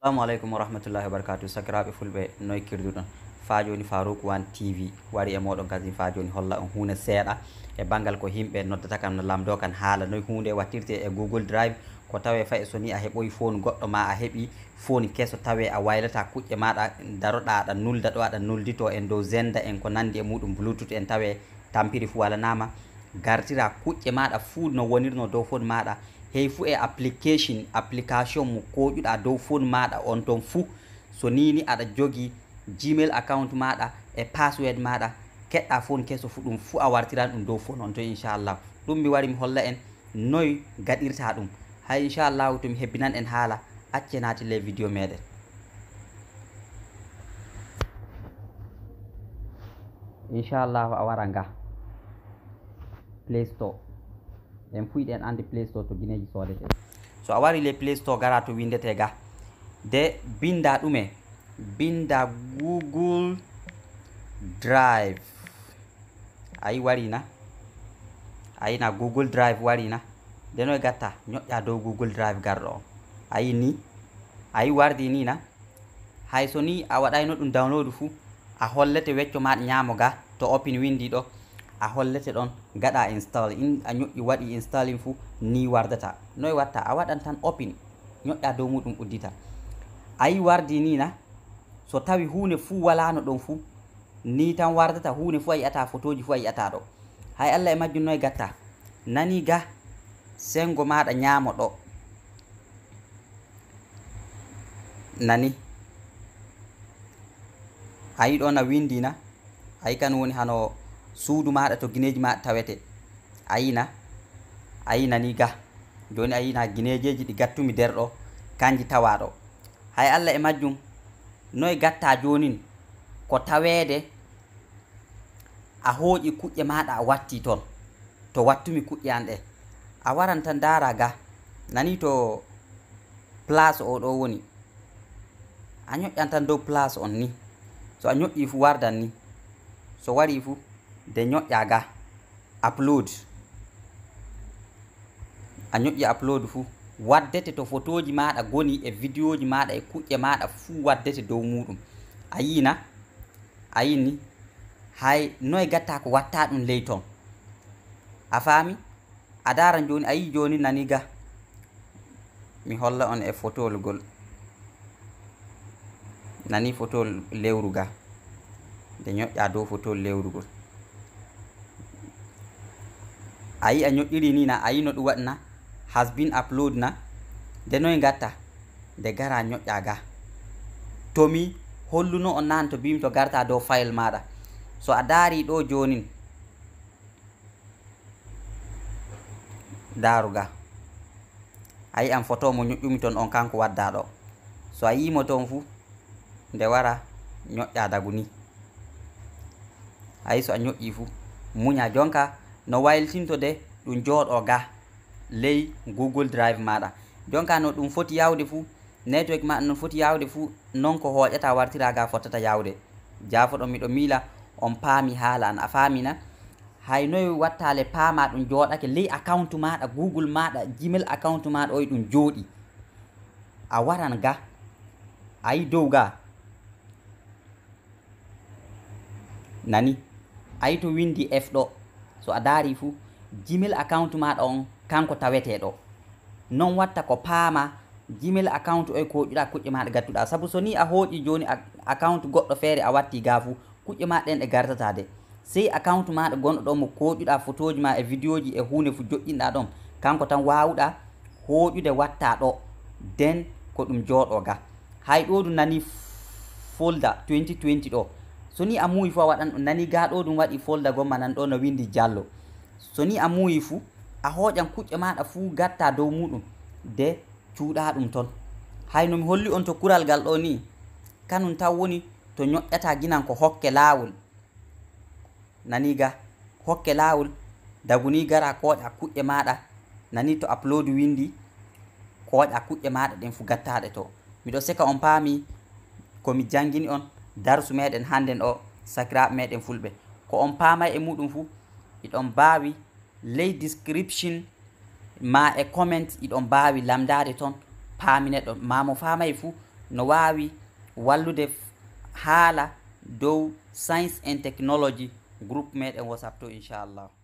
assalamu aleykum wa rahmatullahi wa barakatu sakiraɓe fulɓe noy kirduɗon fa joni farouk wan tv wari e moɗon kadi fa joni holla on hunde seeɗa e bangal ko himɓe noddata kam no lamdo kan haala noye hunde wattirte e google drive ko tawe fay so ni a heɓoyi fon goɗɗo ma a heɓi foni keso tawe a waylata kuƴƴe maɗa daroɗa aɗa nulda ɗo aɗa nuldito en dow zenda en ko nandi e muɗum bluetooth en tawe tampiri fu walanama gartira kuƴƴe maɗa fuu no wonirno dow fon maɗa hey fuu e application application mo koƴuɗa dow fon maɗa on toon fuu so nini aɗa jogi gmail account maɗa e password maɗa keɗɗa fon keso fuu ɗum fuu a wartiran ɗum dow fon on to inchallahu ɗum mi wari mi holla en noy gaɗirta ɗum hay inchallahu tomi hebbinan en haala accenati le vidéo meɗen inchallahu a wara nga play store en fu iɗen andi play store to guineji sodete so a wari le play store gara to windete ga de binda ɗume binda google drive ayi warina ayina google drive warina ndeno e gatta ñoƴƴa dow google drive garɗo o ayi ni ayi wardi ni na hay so ni a waɗayno ɗum download fuu a hollete wecco maɗa ñamo ga to opin windi ɗo a hollete ɗon gaɗa install in a ñoƴƴi waɗi installing fou ni wardata noy watta a waɗan tan opin ñoƴƴa dow muɗum uddita a yi wardi nina so tawi hunde fuu walano ɗon fou ni tan wardata hunde fou a yiyata photo ji fou a yiyata ɗo hay allah e majjum noy gatta nani ga sengo maɗa ñamo ɗo nani a yi ɗon a windina ayi kan woni hano suudu maɗa to guineji maɗa tawete a yina a yina ni ga joni a yina guinejeji ɗi gattumi nderɗo kanji tawaɗo hay allah e majjum noye gatta jonin ko taweede a hooƴi kuƴƴe maɗa a watti toon to wattumi kuƴƴe an ɗe a waran tan dara ga nani to place o ɗo woni a ñoƴƴan tan dow place on ni so a ñoƴƴi fu wardan ni so wari fuu nde ñoƴƴa ga upload a ñoƴƴi upload fuu waddete to photoji maɗa goni e vidéoji maɗa e kuƴƴe maɗa fuu waddete dow muɗum a yina a yini hay noye gatta ko watta ɗum ley ton a faami a dara joni a yi joni nani ga mi holla on e photolgol nani photol lewru ga nde ñoƴƴa dow photol lewrugol a yi a ñoƴƴiri ni na a yi no ɗum waɗna has been upload na nde noy gatta nde gara ñoƴƴa ga tomi holluno on nan to bim to garta dow file maɗa so a daari ɗo jonin daruga a yi an photo mo ñoƴƴumi toon on kanko wadda ɗo so a yimo toon fuu nde wara ñoƴƴa dagu ni ayi so a ñoƴƴi fuu muña jonka no wayltinto de ɗum jooɗo ga ley google drive maɗa jonka no ɗum foti yawde fuu network maɗa no foti yawde fuu non ko hoƴata wartiraga fottata yawde jafoɗo miɗo miila on paami haala an a faamina hay noyi wattale paama ɗum jooɗake ley account maɗa google maɗa jimel account maɗa oy ɗum jooɗi a waran ga ayi dow ga nani ayi to windi f ɗo so a daari fuu jimil account ma ɗo on kanko tawetee ɗo non watta ko paama jimil account oye koƴuɗa kuƴƴe maɗa gattuɗa sabu so ni a hooƴi jooni account goɗɗo feere a watti gaa fuu kuƴƴe maɗa ɗen ɗe gartatade sey account maɗa gonɗo ɗon mo koƴuɗa photoji ma e vidéo ji e hunde fuu joƴƴinɗa ɗon kanko tan waawuɗa hooƴude watta ɗo nden ko ɗum jooɗo ga hay ɗo du nani folda 2020 ɗo so ni a muuyi fuu a waɗan ɗum nani gaaɗo ɗum waɗi folda gomma nan ɗo no windi diallo so ni a muuyi fuu a hooƴan kuƴƴe maaɗa fuu gatta dow muɗum de cuuɗa ɗum toon hayno mi holli on to kural ngal ɗo ni kanum taw woni to ñoƴƴata ginan ko hokke laawol nani ga hokke laawol dagunii gara kooƴa kuƴƴe maaɗa nani to aploude windi kooƴa kuƴƴe maaɗa ɗen fuu gattaaɗe to miɗo sika on paami komi janngini on darsu meɗen hannden o sakiraɓe meɗen fulɓe ko on paama e muɗum fuu iɗon mbaawi ley description ma e comment iɗon mbaawi lamdade toon paamineɗo mamo faamayi fuu no waawi wallude haala dow science and technology groupe meɗen wo sapto inchallah